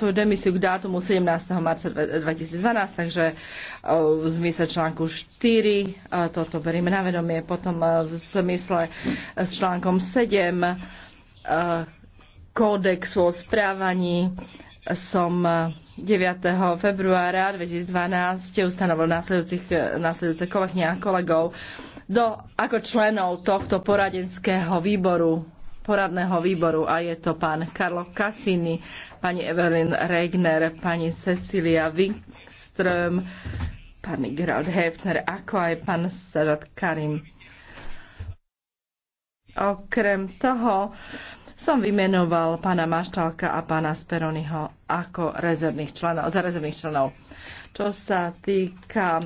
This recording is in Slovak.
svoju demisiu k dátumu 17. marca 2012, takže e, v zmysle článku 4 e, toto berieme na vedomie, potom e, v zmysle s článkom 7 kódexu o správaní som 9. februára 2012 ustanovil následujúce kolegyne a kolegov do, ako členov tohto poradenského výboru poradného výboru a je to pán Karlo Cassini, pani Evelyn Regner, pani Cecilia Wikström, pani Gerald Hefner, ako aj pán Sadat Karim. Okrem toho som vymenoval pána Maštalka a pána Speroniho ako rezervných členov, za rezervných členov. Čo sa týka